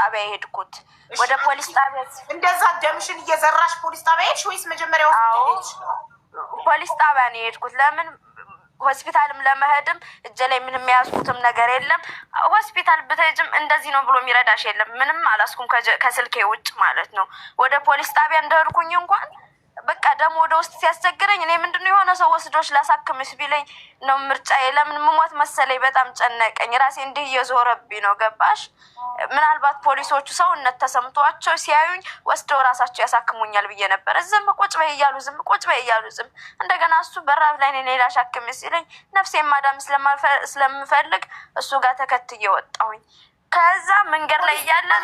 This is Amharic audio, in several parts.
ጣቢያ የሄድኩት ወደ ፖሊስ ጣቢያ። እንደዛ ደምሽን እየዘራሽ ፖሊስ ጣቢያ ሄድሽ ወይስ መጀመሪያ ፖሊስ ጣቢያ ነው የሄድኩት? ለምን ሆስፒታልም ለመሄድም እጀ ላይ ምን የያዝኩትም ነገር የለም። ሆስፒታል ብትሄጂም እንደዚህ ነው ብሎ የሚረዳሽ የለም። ምንም አላስኩም ከስልኬ ውጭ ማለት ነው። ወደ ፖሊስ ጣቢያ እንደሄድኩኝ እንኳን በቃ ደግሞ ወደ ውስጥ ሲያስቸግረኝ እኔ ምንድነው የሆነ ሰው ወስዶች ላሳክምሽ ቢለኝ ነው ምርጫዬ። ለምን ምሞት መሰለኝ፣ በጣም ጨነቀኝ። ራሴ እንዲህ እየዞረብኝ ነው። ገባሽ? ምናልባት ፖሊሶቹ ሰውነት ተሰምቷቸው ሲያዩኝ ወስደው ራሳቸው ያሳክሙኛል ብዬ ነበረ። ዝም ቁጭ በይ እያሉ ዝም ቁጭ በይ እያሉ ዝም። እንደገና እሱ በራብ ላይ እኔ ላሻክም ሲለኝ ነፍሴ ማዳም ስለምፈልግ እሱ ጋር ተከትዬ ወጣሁኝ። ከዛ መንገድ ላይ እያለን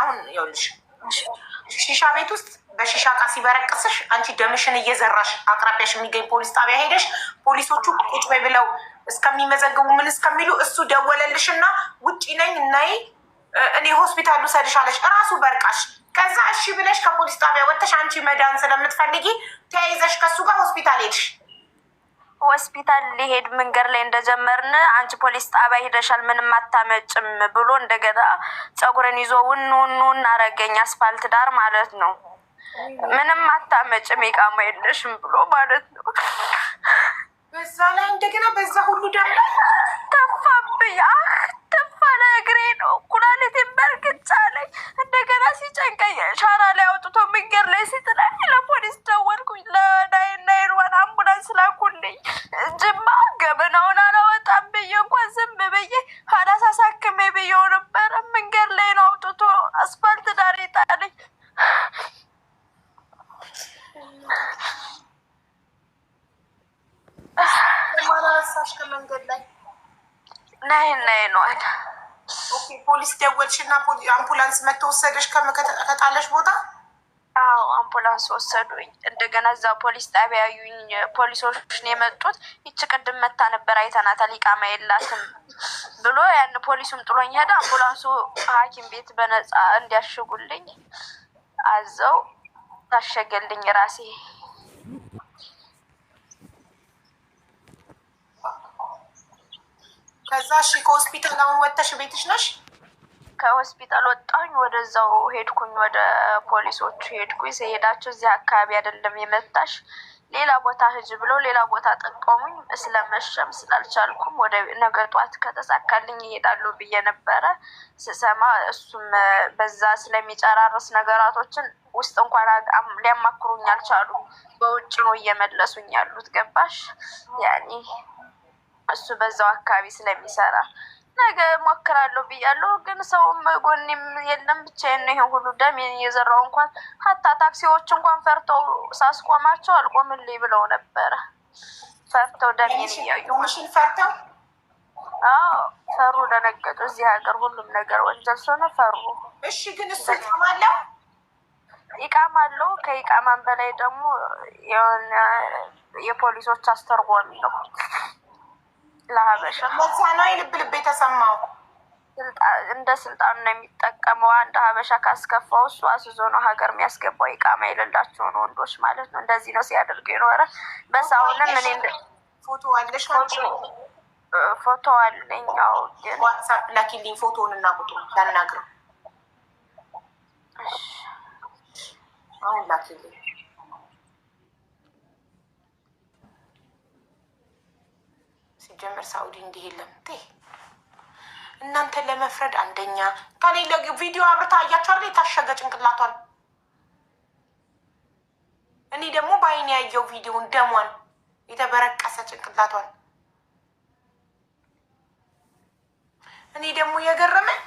አሁን ሺሻ ቤት ውስጥ በሺሻ እቃ ሲበረቅስሽ አንቺ ደምሽን እየዘራሽ አቅራቢያሽ የሚገኝ ፖሊስ ጣቢያ ሄደሽ ፖሊሶቹ ቁጭ በይ ብለው እስከሚመዘግቡ ምን እስከሚሉ እሱ ደወለልሽ እና ውጪ ነኝ እናይ እኔ ሆስፒታል ልውሰድሽ አለሽ። እራሱ በርቃሽ። ከዛ እሺ ብለሽ ከፖሊስ ጣቢያ ወጥተሽ አንቺ መዳን ስለምትፈልጊ ተያይዘሽ ከሱ ጋር ሆስፒታል ሄድሽ። ሆስፒታል ሊሄድ መንገድ ላይ እንደጀመርን አንቺ ፖሊስ ጣቢያ ሂደሻል ምንም አታመጭም ብሎ እንደገና ፀጉርን ይዞ ውን ውን አረገኝ። አስፋልት ዳር ማለት ነው። ምንም አታመጭም ይቃማ የለሽም ብሎ ማለት ነው። በዛ ላይ እንደገና በዛ ሁሉ ደግሞ ተፋብኝ። ባለ እግሬ ነው ኩላሊቴን በርግጫ ላይ እንደገና ሲጨንቀኝ ሻራ ላይ አውጥቶ መንገድ ላይ ሲጥለኝ ለፖሊስ ደወልኩኝ። ለናይናይሯን አምቡላንስ ላኩልኝ። ጅማ ገበናውን አላወጣም ብዬ እንኳን ዝም ብዬ አላሳሳክሜ ብዬው ነበረ። መንገድ ላይ ነው አውጥቶ አስፋልት ዳር ጣለኝ። ናይናይኗን ፖሊስ ደወልሽ እና አምቡላንስ መጥቶ ወሰደሽ ከጣለሽ ቦታ? አዎ አምቡላንስ ወሰዱኝ። እንደገና እዛ ፖሊስ ጣቢያ ያዩኝ ፖሊሶች ነው የመጡት። ይች ቅድም መታ ነበር አይተናታል፣ ሊቃማ የላትም ብሎ ያን ፖሊሱም ጥሎኝ ሄደ። አምቡላንሱ ሐኪም ቤት በነፃ እንዲያሽጉልኝ አዘው ታሸገልኝ ራሴ ከዛ እሺ፣ ከሆስፒታል አሁን ወጥተሽ ቤትሽ ነሽ? ከሆስፒታል ወጣኝ፣ ወደዛው ሄድኩኝ፣ ወደ ፖሊሶቹ ሄድኩኝ። ሲሄዳቸው እዚህ አካባቢ አይደለም የመታሽ ሌላ ቦታ ሂጅ ብለው ሌላ ቦታ ጠቆሙኝ። ስለመሸም ስላልቻልኩም ወደ ነገ ጧት ከተሳካልኝ ይሄዳሉ ብዬ ነበረ። ስሰማ እሱም በዛ ስለሚጨራረስ ነገራቶችን ውስጥ እንኳን ሊያማክሩኝ አልቻሉም። በውጭ ነው እየመለሱኝ ያሉት። ገባሽ ያኔ እሱ በዛው አካባቢ ስለሚሰራ ነገ ሞክራለሁ ብያለሁ። ግን ሰውም ጎኔም የለም ብቻዬን ነው ይሄ ሁሉ ደም የዘራው። እንኳን ሀታ ታክሲዎች እንኳን ፈርተው ሳስቆማቸው አልቆምልኝ ብለው ነበረ። ፈርተው ደም እያዩ ሽን ፈርተው ፈሩ፣ ደነገጡ። እዚህ ሀገር ሁሉም ነገር ወንጀል ስለሆነ ፈሩ። እሺ፣ ግን እሱ ይቃማለው ይቃማለው። ከይቃማን በላይ ደግሞ የሆነ የፖሊሶች አስተርጎሚ ነው ለሀበሻ በዛ ነው ልብ ልብ የተሰማው። እንደ ስልጣኑ ነው የሚጠቀመው። አንድ ሀበሻ ካስከፋው እሱ አስዞ ነው ሀገር የሚያስገባው። ኢቃማ የሌላቸውን ወንዶች ማለት ነው። እንደዚህ ነው ሲያደርገው የኖረ በሳሁንም እኔ ፎቶ አለሽ? ፎቶ አለኝ። ዋትሳፕ ላኪልኝ ፎቶውን እና ቁጥሩ ላናግረው። አሁን ላኪልኝ ሲጀመር ሳኡዲ እንዲህ የለም። እናንተ ለመፍረድ አንደኛ ከሌለ ቪዲዮ አብርታ አያቸዋለ የታሸገ ጭንቅላቷን። እኔ ደግሞ በአይን ያየው ቪዲዮን ደሟን፣ የተበረቀሰ ጭንቅላቷን። እኔ ደግሞ የገረመኝ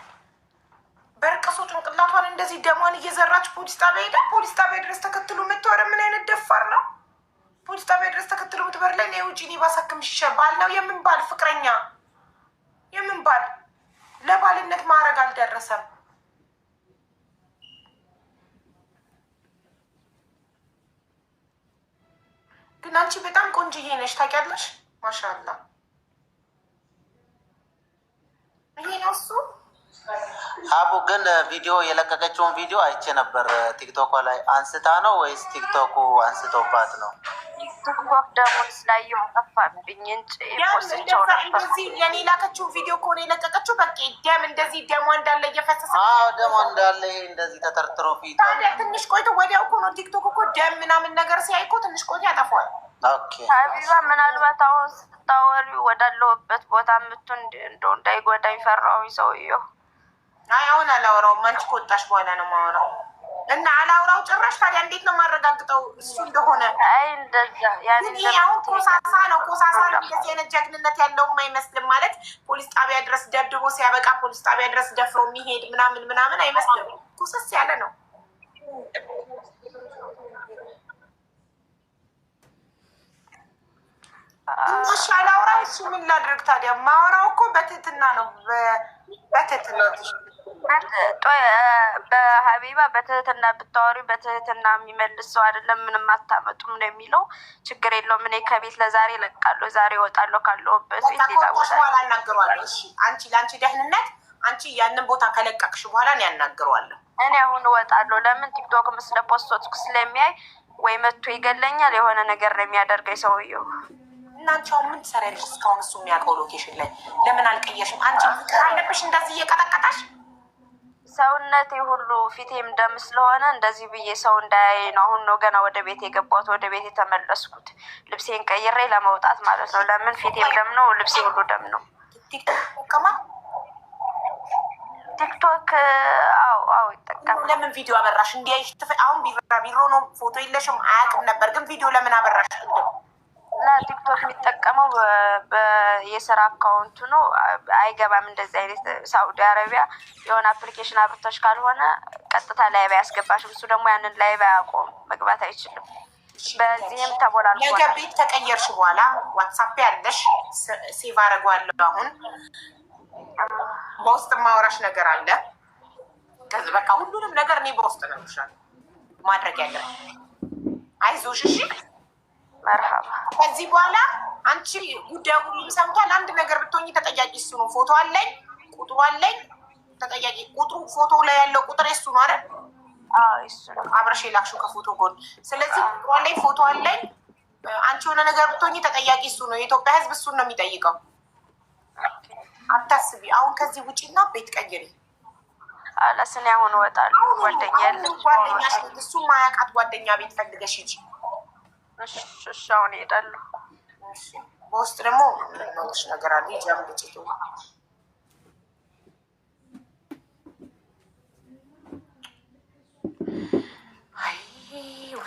በርቀሶ ጭንቅላቷን እንደዚህ ደሟን እየዘራች ፖሊስ ጣቢያ ሄዳ ፖሊስ ጣቢያ ድረስ ተከትሎ መተዋረ ምን አይነት ደፋር ነው? ፖሊስ ጣቢያ ድረስ ተከትሎ ምትበር ላይ ኔ ውጭ ኔ ባሳክም ሽሻ ባል ነው የምን ባል ፍቅረኛ የምን ባል ለባልነት ማዕረግ አልደረሰም። ግን አንቺ በጣም ቆንጅዬ ነሽ፣ ታውቂያለሽ። ማሻላ ይሄ ነው እሱ። አቡ ግን ቪዲዮ የለቀቀችውን ቪዲዮ አይቼ ነበር። ቲክቶኳ ላይ አንስታ ነው ወይስ ቲክቶኩ አንስቶባት ነው? ቲክቶክ ደግሞ ስላየው ጠፋብኝ እንጂ ቆስቸው እንደዚህ የኔ ላከችው ቪዲዮ ከሆነ የለቀቀችው በቃ ደም እንደዚህ ደሟ እንዳለ እየፈሰሰ ደሟ እንዳለ እንደዚህ ተጠርጥሮ ፊት ትንሽ ቆይቶ ወዲያው እኮ ነው ቲክቶክ እኮ ደም ምናምን ነገር ሲያይ እኮ ትንሽ ቆይቶ ያጠፋዋል። ሀቢባ ምናልባት አሁን ስታወሪ ወዳለሁበት ቦታ ምቱ እንደው እንዳይጎዳኝ ፈራሁኝ ሰውዬው። አይ አሁን አላወራውም። አንቺ ከወጣሽ በኋላ ነው የማወራው እና አላውራው ጭራሽ። ታዲያ እንዴት ነው የማረጋግጠው እሱ እንደሆነ? ይህ አሁን ኮሳሳ ነው፣ ኮሳሳ ነው። እንደዚህ አይነት ጀግንነት ያለውም አይመስልም ማለት ፖሊስ ጣቢያ ድረስ ደብድቦ ሲያበቃ ፖሊስ ጣቢያ ድረስ ደፍሮ የሚሄድ ምናምን ምናምን አይመስልም። ኮሰስ ያለ ነው። ትንሽ አላውራ እሱ ምን ላድርግ ታዲያ? ማውራው እኮ በትህትና ነው፣ በትህትና በሀቢባ በትህትና ብታወሪ በትህትና የሚመልስ ሰው አይደለም። ምንም አታመጡም ነው የሚለው። ችግር የለውም። እኔ ከቤት ለዛሬ እለቃለሁ፣ ዛሬ እወጣለሁ ካለሁበት በኋላ እናገሯለሁ። አንቺ ለአንቺ ደህንነት አንቺ ያንን ቦታ ከለቀቅሽ በኋላ ነው ያናግረዋለሁ። እኔ አሁን እወጣለሁ። ለምን ቲክቶክ ምስለ ፖስቶትኩ ስለሚያይ ወይ መቶ ይገለኛል፣ የሆነ ነገር ነው የሚያደርገኝ ሰውየው። እናንቺ አሁን ምን ትሰሪያለሽ? እስካሁን እሱ የሚያውቀው ሎኬሽን ላይ ለምን አልቀየሽም? አንቺ አለብሽ እንደዚህ እየቀጠቀጠሽ ሰውነቴ ሁሉ ፊቴም ደም ስለሆነ እንደዚህ ብዬ ሰው እንዳያይ ነው። አሁን ነው ገና ወደ ቤት የገባሁት፣ ወደ ቤት የተመለስኩት ልብሴን ቀይሬ ለመውጣት ማለት ነው። ለምን ፊቴም ደም ነው፣ ልብሴ ሁሉ ደም ነው። ቲክቶክ አዎ፣ አዎ ይጠቀማል። ለምን ቪዲዮ አበራሽ? እንዲያይሽ አሁን ቢራ ቢሮ ነው ፎቶ የለሽም አያውቅም ነበር፣ ግን ቪዲዮ ለምን አበራሽ? እና ቲክቶክ የሚጠቀመው የስራ አካውንቱ ነው። አይገባም። እንደዚህ አይነት ሳኡዲ አረቢያ የሆነ አፕሊኬሽን አብርቶች ካልሆነ ቀጥታ ላይቭ አያስገባሽም። እሱ ደግሞ ያንን ላይቭ አያቆም መግባት አይችልም። በዚህም ተቦላል። ነገ ቤት ተቀየርሽ በኋላ ዋትሳፕ ያለሽ ሴቭ አደርገዋለሁ። አሁን በውስጥ ማውራሽ ነገር አለ። ከዚህ በቃ ሁሉንም ነገር እኔ በውስጥ ነው ማድረግ ያለ አይዞሽ እሺ መርሃባ። ከዚህ በኋላ አንቺ ጉዳዩ ሁሉም ሰምቷል። አንድ ነገር ብትሆኝ ተጠያቂ እሱ ነው። ፎቶ አለኝ፣ ቁጥሩ አለኝ። ተጠያቂ ቁጥሩ ፎቶ ላይ ያለው ቁጥር እሱ ነው አይደል? አብረሽ የላክሽው ከፎቶ ጎን። ስለዚህ ቁጥሩ አለኝ፣ ፎቶ አለኝ። አንቺ የሆነ ነገር ብትሆኝ ተጠያቂ እሱ ነው። የኢትዮጵያ ሕዝብ እሱን ነው የሚጠይቀው። አታስቢ። አሁን ከዚህ ውጭ ውጭና ቤት ቀይሪ። አላስን አሁን እወጣለሁ። ጓደኛ ጓደኛ እሱ ማያውቃት ጓደኛ ቤት ፈልገሽ ሂጂ። እሺ፣ አሁን እሄዳለሁ። በውስጥ ደግሞ ሽ ነገር አለ ጃም ግጭቱ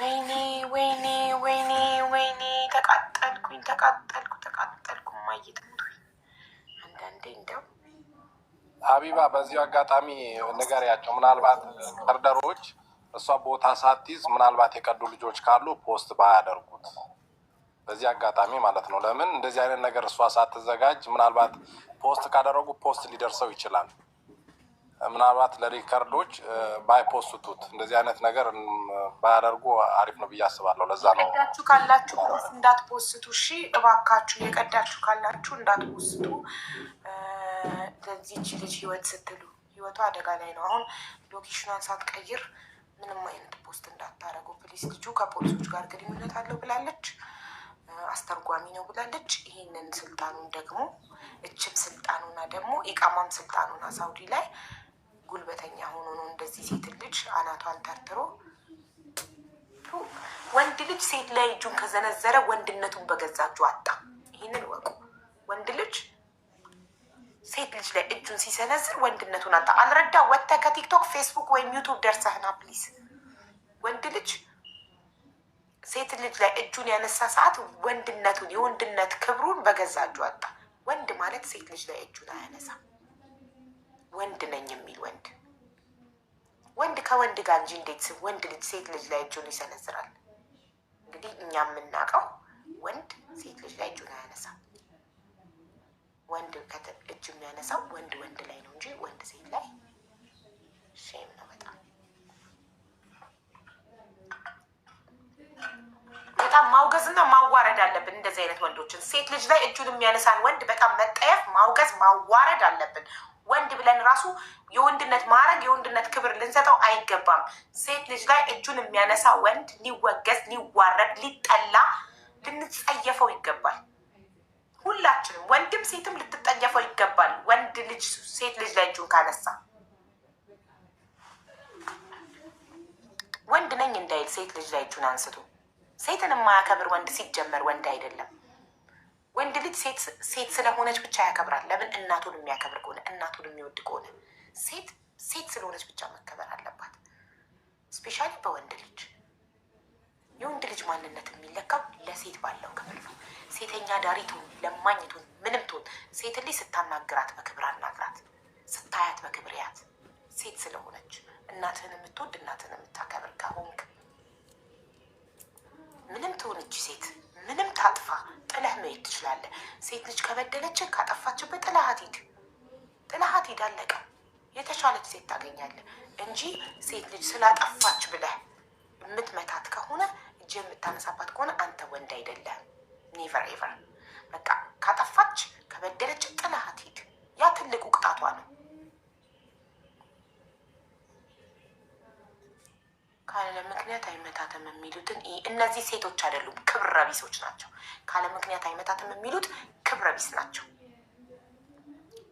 ወይኔ ወይኔ ወይኔ ወይኔ ተቃጠልኩኝ ተቃጠልኩ ተቃጠልኩ። ማየት አንዳንዴ እንደው ሀቢባ በዚሁ አጋጣሚ ንገሪያቸው ምናልባት ቀርደሮች እሷ ቦታ ሳትይዝ ምናልባት የቀዱ ልጆች ካሉ ፖስት ባያደርጉት በዚህ አጋጣሚ ማለት ነው። ለምን እንደዚህ አይነት ነገር እሷ ሳትዘጋጅ ምናልባት ፖስት ካደረጉ ፖስት ሊደርሰው ይችላል። ምናልባት ለሪከርዶች ባይፖስቱት እንደዚህ አይነት ነገር ባያደርጉ አሪፍ ነው ብዬ አስባለሁ። ለዛ ነው የቀዳችሁ ካላችሁ እንዳትፖስቱ፣ እሺ እባካችሁ የቀዳችሁ ካላችሁ እንዳትፖስቱ። ለዚህች ልጅ ህይወት ስትሉ ህይወቷ አደጋ ላይ ነው። አሁን ሎኬሽኗን ሳትቀይር ምንም አይነት ፖስት እንዳታረጉ ፕሊስ። ልጁ ከፖሊሶች ጋር ግንኙነት አለው ብላለች፣ አስተርጓሚ ነው ብላለች። ይህንን ስልጣኑን ደግሞ እችም ስልጣኑና ደግሞ ኢቃማም ስልጣኑና ሳውዲ ላይ ጉልበተኛ ሆኖ ነው እንደዚህ ሴት ልጅ አናቷን ተርትሮ ወንድ ልጅ ሴት ላይ እጁን ከዘነዘረ ወንድነቱን በገዛችሁ አጣ። ይህንን ወቁ። ወንድ ልጅ ሴት ልጅ ላይ እጁን ሲሰነዝር ወንድነቱን አጣ አልረዳ ወጥተ ከቲክቶክ ፌስቡክ ወይም ዩቱብ ደርሰህና ፕሊዝ ወንድ ልጅ ሴት ልጅ ላይ እጁን ያነሳ ሰዓት ወንድነቱን የወንድነት ክብሩን በገዛ እጁ አጣ። ወንድ ማለት ሴት ልጅ ላይ እጁን አያነሳም። ወንድ ነኝ የሚል ወንድ ወንድ ከወንድ ጋር እንጂ እንዴት ወንድ ልጅ ሴት ልጅ ላይ እጁን ይሰነዝራል? እንግዲህ እኛ የምናውቀው ወንድ ሴት ልጅ ላይ እጁን አያነሳም። ወንድ እጅ የሚያነሳው ወንድ ወንድ ላይ ነው እንጂ ወንድ ሴት ላይ ሼም ነው። በጣም በጣም ማውገዝና ማዋረድ አለብን እንደዚህ አይነት ወንዶችን። ሴት ልጅ ላይ እጁን የሚያነሳን ወንድ በጣም መጠየፍ፣ ማውገዝ፣ ማዋረድ አለብን። ወንድ ብለን ራሱ የወንድነት ማዕረግ የወንድነት ክብር ልንሰጠው አይገባም። ሴት ልጅ ላይ እጁን የሚያነሳ ወንድ ሊወገዝ፣ ሊዋረድ፣ ሊጠላ፣ ልንጸየፈው ይገባል። ሁላችንም ወንድም ሴትም ልትጠየፈው ይገባል። ወንድ ልጅ ሴት ልጅ ላይ እጁን ካነሳ ወንድ ነኝ እንዳይል ሴት ልጅ ላይ እጁን አንስቶ ሴትን የማያከብር ወንድ ሲጀመር ወንድ አይደለም። ወንድ ልጅ ሴት ስለሆነች ብቻ ያከብራል። ለምን? እናቱን የሚያከብር ከሆነ እናቱን የሚወድ ከሆነ ሴት ሴት ስለሆነች ብቻ መከበር አለባት፣ ስፔሻሊ በወንድ ልጅ የወንድ ልጅ ማንነት የሚለካው ለሴት ባለው ክብር ነው። ሴተኛ ዳሪቱን ለማኝቱን ምንም ትሆን ሴት ልጅ ስታናግራት በክብር አናግራት፣ ስታያት በክብር ያት። ሴት ስለሆነች እናትህን የምትወድ እናትህን የምታከብር ከሆንክ ምንም ትሆነች ሴት ምንም ታጥፋ ጥለህ መሄድ ትችላለህ። ሴት ልጅ ከበደለች ካጠፋችበት ጥለሃት ሂድ፣ ጥለሃት ሂድ፣ አለቀ። የተሻለች ሴት ታገኛለህ እንጂ ሴት ልጅ ስላጠፋች ብለህ የምትመታት ከሆነ እጅ የምታነሳባት ከሆነ አንተ ወንድ አይደለም ኔቨር ኤቨር። በቃ ካጠፋች ከበደለች ጥላሃት ሂድ። ያ ትልቁ ቅጣቷ ነው። ካለ ምክንያት አይመታትም የሚሉትን እነዚህ ሴቶች አይደሉም፣ ክብረ ቢሶች ናቸው። ካለ ምክንያት አይመታትም የሚሉት ክብረ ቢስ ናቸው።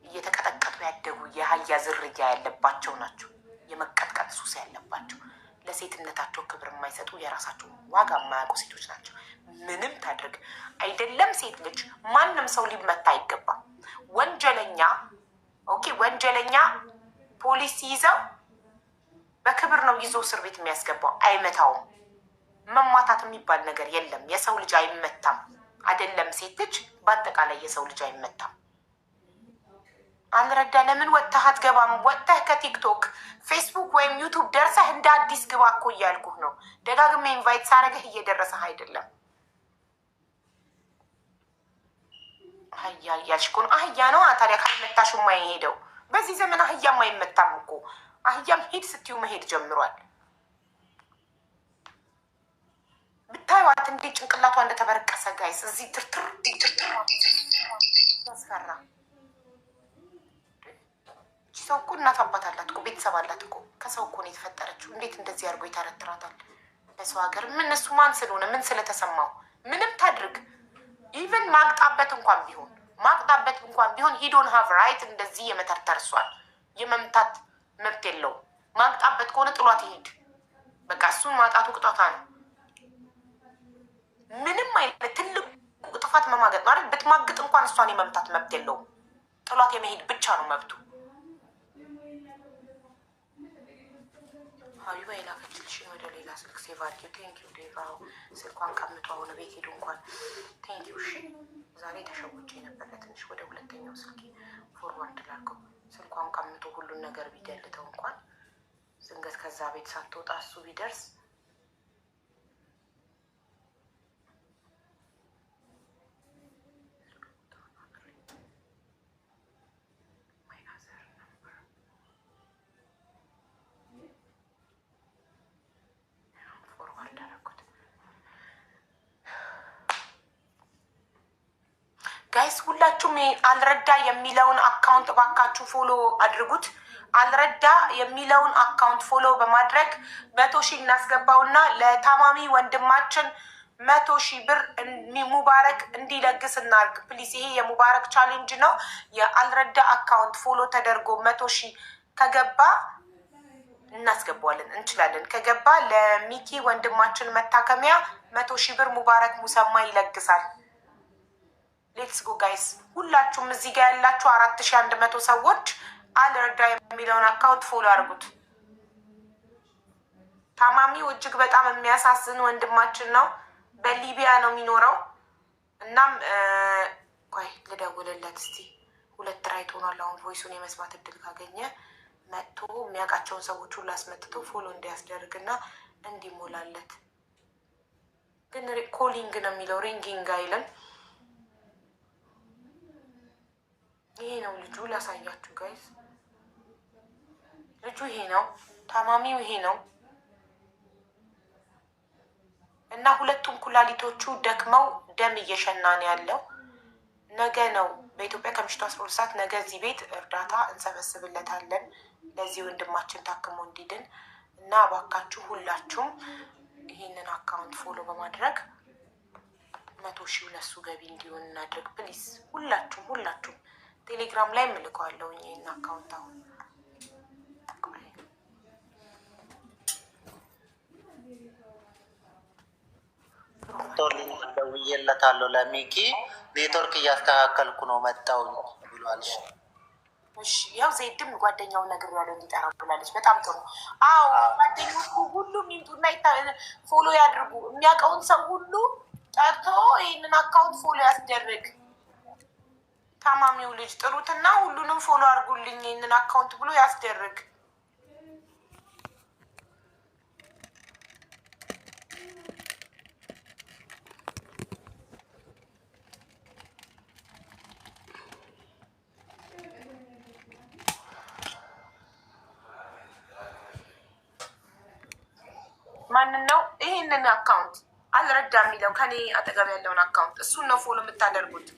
እየተቀጠቀጡ ያደጉ የአህያ ዝርያ ያለባቸው ናቸው። የመቀጥቀጥ ሱስ ያለባቸው ለሴትነታቸው ክብር የማይሰጡ የራሳቸው ዋጋ የማያውቁ ሴቶች ናቸው። ምንም ታድርግ አይደለም ሴት ልጅ ማንም ሰው ሊመታ አይገባም። ወንጀለኛ ኦኬ፣ ወንጀለኛ ፖሊስ ይዘው በክብር ነው ይዞ እስር ቤት የሚያስገባው፣ አይመታውም። መማታት የሚባል ነገር የለም። የሰው ልጅ አይመታም። አይደለም ሴት ልጅ በአጠቃላይ የሰው ልጅ አይመታም። አንረዳ ለምን ወጥተህ አትገባም? ወጥተህ ከቲክቶክ ፌስቡክ ወይም ዩቱብ ደርሰህ እንደ አዲስ ግባ እኮ እያልኩህ ነው። ደጋግሜ ኢንቫይት ሳረግህ እየደረሰህ አይደለም። አህያ እያልሽ እኮ ነው። አህያ ነው ታዲያ ካልመታሽ የማይሄደው በዚህ ዘመን አህያም አይመታም እኮ። አህያም ሂድ ስትዩ መሄድ ጀምሯል። ብታዩዋት እንዴት ጭንቅላቷ እንደተበረቀሰ ጋይስ እዚህ ትርትር ያስፈራ እናት አባት አላት እኮ ቤተሰብ አላት እኮ ከሰው እኮ ነው የተፈጠረችው። እንዴት እንደዚህ አድርጎ ይተረትራታል? በሰው ሀገር ምን እሱ ማን ስለሆነ ምን ስለተሰማው ምንም ታድርግ። ኢቨን ማቅጣበት እንኳን ቢሆን ማቅጣበት እንኳን ቢሆን ሂዶን ሀቭ ራይት እንደዚህ የመተርተር እሷን የመምታት መብት የለውም። ማቅጣበት ከሆነ ጥሏት ይሄድ። በቃ እሱን ማጣቱ ቅጣታ ነው። ምንም አይነት ትልቁ ጥፋት መማገጥ ማለት ብትማግጥ እንኳን እሷን የመምታት መብት የለውም። ጥሏት የመሄድ ብቻ ነው መብቱ። ሀቢባ የላከችልሽን ወደ ሌላ ስልክ ሴቭ አድርጊ። ቴንኪው ዴቫ። ስልኳን ቀምቶ አሁን ቤት ሄዱ እንኳን ቴንኪው። እሺ ዛሬ ተሸውጬ ነበረ። ትንሽ ወደ ሁለተኛው ስልክ ፎርዋርድ ላድርገው። ስልኳን ቀምቶ ሁሉን ነገር ቢደልተው እንኳን ዝንገት ከዛ ቤት ሳትወጣ እሱ ቢደርስ አልረዳ የሚለውን አካውንት እባካችሁ ፎሎ አድርጉት። አልረዳ የሚለውን አካውንት ፎሎ በማድረግ መቶ ሺህ እናስገባውና ለታማሚ ወንድማችን መቶ ሺ ብር ሙባረክ እንዲለግስ እናርግ ፕሊስ። ይሄ የሙባረክ ቻሌንጅ ነው። የአልረዳ አካውንት ፎሎ ተደርጎ መቶ ሺ ከገባ እናስገባዋለን እንችላለን። ከገባ ለሚኪ ወንድማችን መታከሚያ መቶ ሺ ብር ሙባረክ ሙሰማ ይለግሳል። ሌትስ ጎ ጋይስ ሁላችሁም እዚህ ጋር ያላችሁ አራት ሺ አንድ መቶ ሰዎች አልረዳ የሚለውን አካውንት ፎሎ አድርጉት። ታማሚው እጅግ በጣም የሚያሳዝን ወንድማችን ነው። በሊቢያ ነው የሚኖረው። እናም ቆይ ልደውልለት እስቲ። ሁለት ራይት ሆኗል። አሁን ቮይሱን የመስማት እድል ካገኘ መጥቶ የሚያውቃቸውን ሰዎች ሁሉ አስመጥቶ ፎሎ እንዲያስደርግና እንዲሞላለት። ግን ኮሊንግ ነው የሚለው ሪንጊንግ አይልም። ይሄ ነው ልጁ። ላሳያችሁ ጋይስ፣ ልጁ ይሄ ነው፣ ታማሚው ይሄ ነው እና ሁለቱም ኩላሊቶቹ ደክመው ደም እየሸና ነው ያለው። ነገ ነው በኢትዮጵያ ከምሽቱ አስራ ሁለት ሰዓት ነገ እዚህ ቤት እርዳታ እንሰበስብለታለን ለዚህ ወንድማችን ታክሞ እንዲድን እና እባካችሁ ሁላችሁም ይህንን አካውንት ፎሎ በማድረግ መቶ ሺህ ለሱ ገቢ እንዲሆን እናድርግ ፕሊስ። ሁላችሁም ሁላችሁም ቴሌግራም ላይ እልከዋለሁ ይህን አካውንት አሁን ደውዬለታለሁ ለሚኪ ኔትወርክ እያስተካከልኩ ነው መጣው ብሏል። ያው ዜድም ጓደኛው ነገር ያለው እንዲጠራ ብላለች። በጣም ጥሩ። አዎ ጓደኞቹ ሁሉም ይምጡና ፎሎ ያድርጉ። የሚያውቀውን ሰው ሁሉ ጠርቶ ይህንን አካውንት ፎሎ ያስደርግ። ታማሚው ልጅ ጥሩትና ሁሉንም ፎሎ አድርጉልኝ ይህንን አካውንት ብሎ ያስደርግ። ማንን ነው ይህንን አካውንት አልረዳ የሚለው? ከኔ አጠገብ ያለውን አካውንት እሱን ነው ፎሎ የምታደርጉት።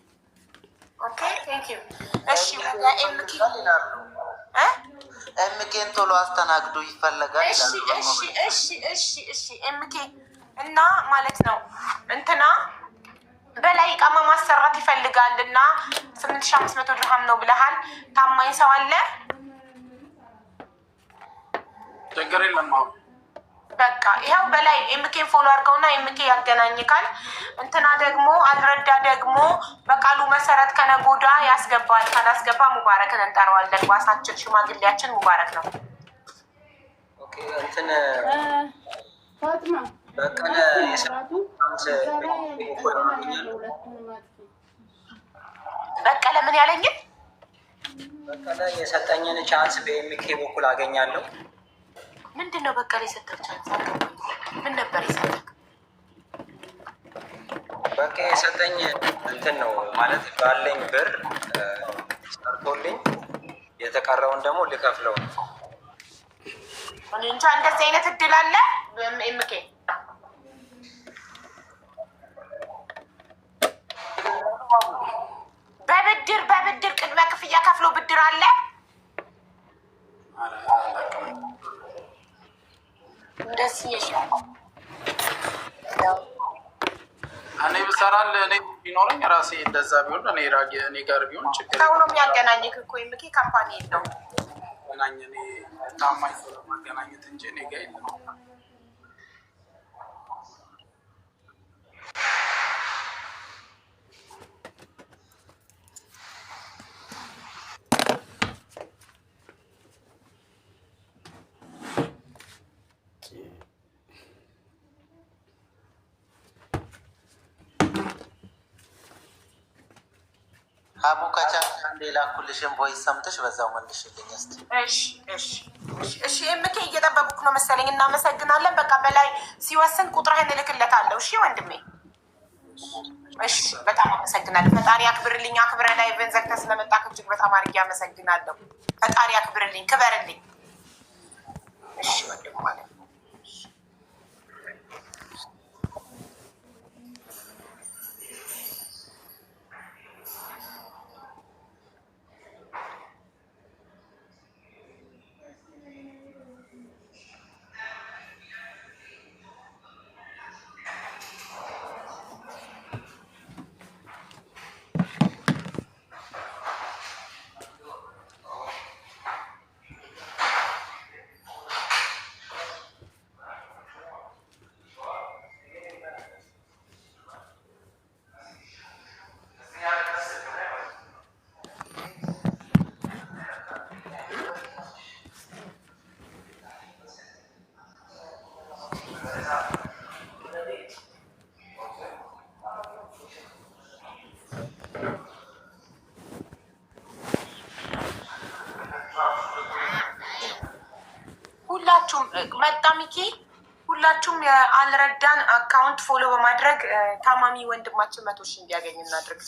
ኤምኬን ቶሎ አስተናግዶ ይፈለጋል። ኤምኬ እና ማለት ነው እንትና በላይ ቃማ ማሰራት ይፈልጋል እና ስምንት ሺህ አምስት መቶ ድርሃም ነው ብለሃል። ታማኝ ሰው አለ። ችግር የለም። በቃ ይኸው በላይ ኤምኬን ፎሎ አድርገውና ኤምኬ ያገናኝካል። እንትና ደግሞ አልረዳ ደግሞ በቃሉ መሰረት ከነጎዳ ያስገባል። ካላስገባ ሙባረክን እንጠራዋለን። ዋሳችን ሽማግሌያችን ሙባረክ ነው። በቀለ ምን ያለኝን በቀለ የሰጠኝን ቻንስ በኤምኬ በኩል አገኛለሁ ምንድን ነው በቃ የሰጠው ቻንስ? ምን ነበር የሰጠው? በቃ የሰጠኝ እንትን ነው ማለት ባለኝ ብር ሰርቶልኝ የተቀረውን ደግሞ ልከፍለው ነው። እንቻ እንደዚህ አይነት እድል አለ ምኬ በብድር በብድር ቅድመ ክፍያ ከፍሎ ብድር አለ እኔ ብሰራል እኔ ቢኖረኝ ራሴ እንደዛ ቢሆን እኔ ራጌ እኔ ጋር ቢሆን ችግር ሰው ነው የሚያገናኝ እኮ የምኬ ካምፓኒ የለውም። ገናኝ እኔ ታማኝ ሰው ለማገናኘት እንጂ እኔ ጋር የለም። አቡካቻ አንድ የላኩልሽን ቮይስ ሰምተሽ በዛው መልሽልኝ እስኪ። እሺ እሺ እሺ። ነው መሰለኝ። እናመሰግናለን። በቃ በላይ ሲወስን ቁጥርህን እልክለታለሁ። እሺ ወንድሜ። እሺ፣ በጣም አመሰግናለሁ። ፈጣሪ አክብርልኝ። አክብረ ላይ በንዘግተ ስለመጣክ እጅግ በጣም አድርጌ አመሰግናለሁ። ፈጣሪ አክብርልኝ፣ ክበርልኝ። እሺ ወንድም መጣ ሚኪ። ሁላችሁም የአልረዳን አካውንት ፎሎ በማድረግ ታማሚ ወንድማችን መቶ ሺህ እንዲያገኝ እናድርግ።